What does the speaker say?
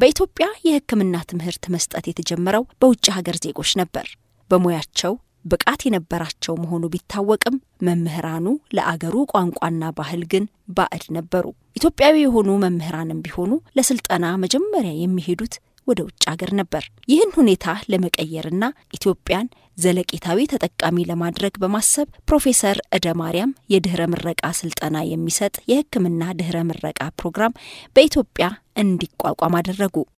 በኢትዮጵያ የሕክምና ትምህርት መስጠት የተጀመረው በውጭ ሀገር ዜጎች ነበር። በሙያቸው ብቃት የነበራቸው መሆኑ ቢታወቅም መምህራኑ ለአገሩ ቋንቋና ባህል ግን ባዕድ ነበሩ። ኢትዮጵያዊ የሆኑ መምህራንም ቢሆኑ ለስልጠና መጀመሪያ የሚሄዱት ወደ ውጭ አገር ነበር። ይህን ሁኔታ ለመቀየርና ኢትዮጵያን ዘለቂታዊ ተጠቃሚ ለማድረግ በማሰብ ፕሮፌሰር እደ ማርያም የድህረ ምረቃ ስልጠና የሚሰጥ የሕክምና ድህረ ምረቃ ፕሮግራም በኢትዮጵያ እንዲቋቋም አደረጉ።